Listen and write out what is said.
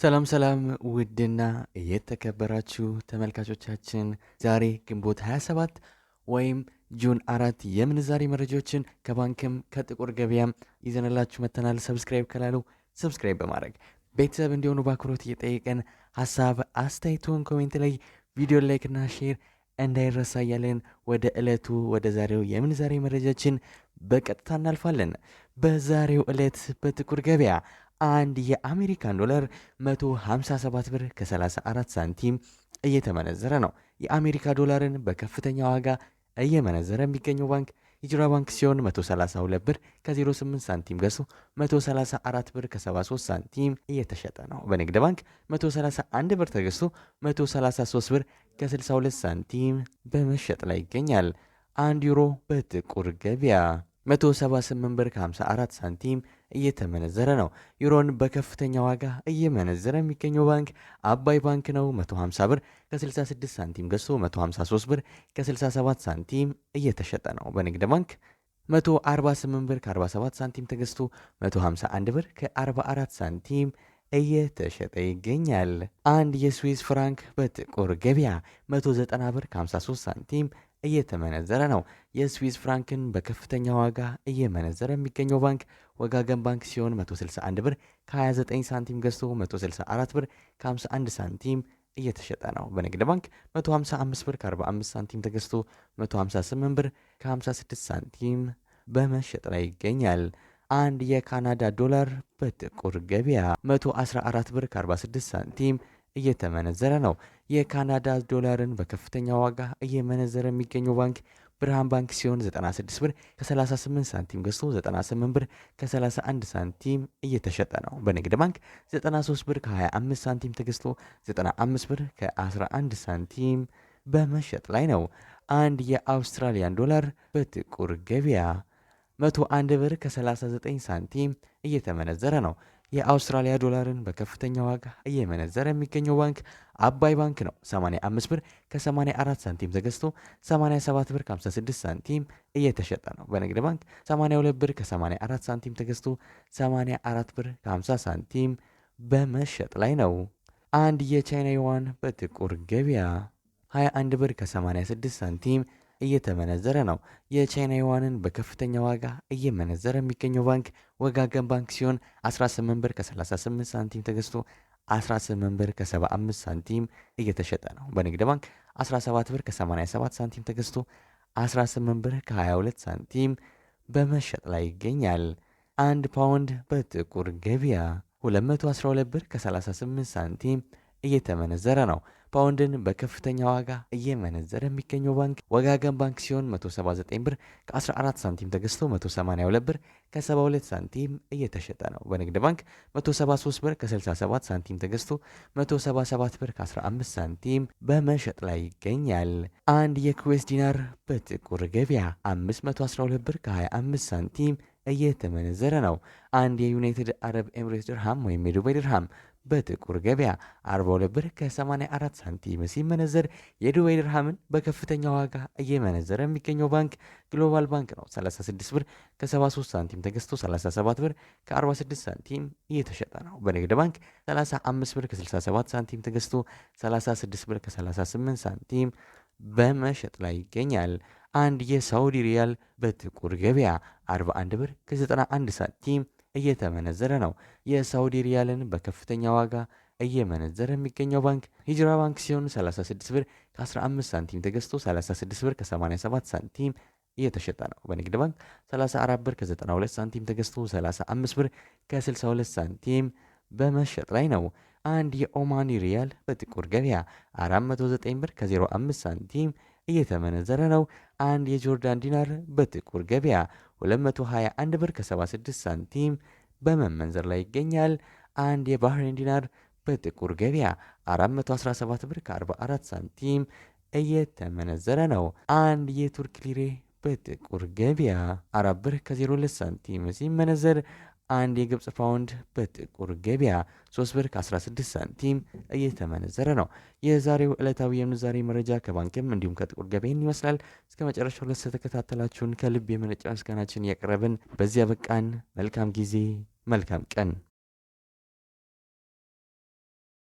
ሰላም ሰላም ውድና የተከበራችሁ ተመልካቾቻችን ዛሬ ግንቦት 27 ወይም ጁን አራት የምንዛሬ መረጃዎችን ከባንክም ከጥቁር ገበያም ይዘንላችሁ መተናል። ሰብስክራይብ ካላሉ ሰብስክራይብ በማድረግ ቤተሰብ እንዲሆኑ በአክብሮት እየጠየቀን ሀሳብ አስተያየቱን ኮሜንት ላይ ቪዲዮ ላይክና ሼር እንዳይረሳ እያለን ወደ ዕለቱ ወደ ዛሬው የምንዛሬ መረጃችን በቀጥታ እናልፋለን። በዛሬው ዕለት በጥቁር ገበያ አንድ የአሜሪካን ዶላር 157 ብር ከ34 ሳንቲም እየተመነዘረ ነው። የአሜሪካ ዶላርን በከፍተኛ ዋጋ እየመነዘረ የሚገኘው ባንክ ሂጅራ ባንክ ሲሆን 132 ብር ከ08 ሳንቲም ገዝቶ 134 ብር ከ73 ሳንቲም እየተሸጠ ነው። በንግድ ባንክ 131 ብር ተገዝቶ 133 ብር ከ62 ሳንቲም በመሸጥ ላይ ይገኛል። አንድ ዩሮ በጥቁር ገበያ 178 ብር ከ54 ሳንቲም እየተመነዘረ ነው። ዩሮን በከፍተኛ ዋጋ እየመነዘረ የሚገኘው ባንክ አባይ ባንክ ነው። 150 ብር ከ66 ሳንቲም ገዝቶ 153 ብር ከ67 ሳንቲም እየተሸጠ ነው። በንግድ ባንክ 148 ብር ከ47 ሳንቲም ተገዝቶ 151 ብር ከ44 ሳንቲም እየተሸጠ ይገኛል። አንድ የስዊስ ፍራንክ በጥቁር ገበያ 190 ብር ከ53 ሳንቲም እየተመነዘረ ነው። የስዊዝ ፍራንክን በከፍተኛ ዋጋ እየመነዘረ የሚገኘው ባንክ ወጋገን ባንክ ሲሆን 161 ብር ከ29 ሳንቲም ገዝቶ 164 ብር ከ51 ሳንቲም እየተሸጠ ነው። በንግድ ባንክ 155 ብር ከ45 ሳንቲም ተገዝቶ 158 ብር ከ56 ሳንቲም በመሸጥ ላይ ይገኛል። አንድ የካናዳ ዶላር በጥቁር ገበያ 114 ብር ከ46 ሳንቲም እየተመነዘረ ነው። የካናዳ ዶላርን በከፍተኛ ዋጋ እየመነዘረ የሚገኘው ባንክ ብርሃን ባንክ ሲሆን 96 ብር ከ38 ሳንቲም ገዝቶ 98 ብር ከ31 ሳንቲም እየተሸጠ ነው። በንግድ ባንክ 93 ብር ከ25 ሳንቲም ተገዝቶ 95 ብር ከ11 ሳንቲም በመሸጥ ላይ ነው። አንድ የአውስትራሊያን ዶላር በጥቁር ገበያ 101 ብር ከ39 ሳንቲም እየተመነዘረ ነው። የአውስትራሊያ ዶላርን በከፍተኛ ዋጋ እየመነዘረ የሚገኘው ባንክ አባይ ባንክ ነው። 85 ብር ከ84 ሳንቲም ተገዝቶ 87 ብር ከ56 ሳንቲም እየተሸጠ ነው። በንግድ ባንክ 82 ብር ከ84 ሳንቲም ተገዝቶ 84 ብር ከ50 ሳንቲም በመሸጥ ላይ ነው። አንድ የቻይና ዩዋን በጥቁር ገበያ 21 ብር ከ86 ሳንቲም እየተመነዘረ ነው። የቻይና ዩዋንን በከፍተኛ ዋጋ እየመነዘረ የሚገኘው ባንክ ወጋገን ባንክ ሲሆን 18 ብር ከ38 ሳንቲም ተገዝቶ 18 ብር ከ75 ሳንቲም እየተሸጠ ነው። በንግድ ባንክ 17 ብር ከ87 ሳንቲም ተገዝቶ 18 ብር ከ22 ሳንቲም በመሸጥ ላይ ይገኛል። አንድ ፓውንድ በጥቁር ገበያ 212 ብር ከ38 ሳንቲም እየተመነዘረ ነው። ፓውንድን በከፍተኛ ዋጋ እየመነዘረ የሚገኘው ባንክ ወጋገን ባንክ ሲሆን 179 ብር ከ14 ሳንቲም ተገዝቶ 182 ብር ከ72 ሳንቲም እየተሸጠ ነው። በንግድ ባንክ 173 ብር ከ67 ሳንቲም ተገዝቶ 177 ብር ከ15 ሳንቲም በመሸጥ ላይ ይገኛል። አንድ የኩዌስ ዲናር በጥቁር ገበያ 512 ብር ከ25 ሳንቲም እየተመነዘረ ነው። አንድ የዩናይትድ አረብ ኤምሬት ድርሃም ወይም የዱባይ ድርሃም በጥቁር ገበያ 42 ብር ከ84 ሳንቲም ሲመነዘር የዱባይ ድርሃምን በከፍተኛ ዋጋ እየመነዘረ የሚገኘው ባንክ ግሎባል ባንክ ነው። 36 ብር ከ73 ሳንቲም ተገዝቶ 37 ብር ከ46 ሳንቲም እየተሸጠ ነው። በንግድ ባንክ 35 ብር ከ67 ሳንቲም ተገዝቶ 36 ብር ከ38 ሳንቲም በመሸጥ ላይ ይገኛል። አንድ የሳውዲ ሪያል በጥቁር ገበያ 41 ብር ከ91 ሳንቲም እየተመነዘረ ነው። የሳውዲ ሪያልን በከፍተኛ ዋጋ እየመነዘረ የሚገኘው ባንክ ሂጅራ ባንክ ሲሆን 36 ብር ከ15 ሳንቲም ተገዝቶ 36 ብር ከ87 ሳንቲም እየተሸጠ ነው። በንግድ ባንክ 34 ብር ከ92 ሳንቲም ተገዝቶ 35 ብር ከ62 ሳንቲም በመሸጥ ላይ ነው። አንድ የኦማኒ ሪያል በጥቁር ገበያ 409 ብር ከ05 ሳንቲም እየተመነዘረ ነው። አንድ የጆርዳን ዲናር በጥቁር ገበያ 221 ብር ከ76 ሳንቲም በመመንዘር ላይ ይገኛል። አንድ የባህሬን ዲናር በጥቁር ገበያ 417 ብር ከ44 ሳንቲም እየተመነዘረ ነው። አንድ የቱርክ ሊሬ በጥቁር ገበያ 4 ብር ከ02 ሳንቲም ሲመነዘር አንድ የግብፅ ፓውንድ በጥቁር ገበያ 3 ብር ከ16 ሳንቲም እየተመነዘረ ነው። የዛሬው ዕለታዊ የምንዛሬ መረጃ ከባንክም እንዲሁም ከጥቁር ገበያን ይመስላል። እስከ መጨረሻው ድረስ ተከታተላችሁን ከልብ የመነጫ ምስጋናችን እያቀረብን በዚያ በቃን። መልካም ጊዜ፣ መልካም ቀን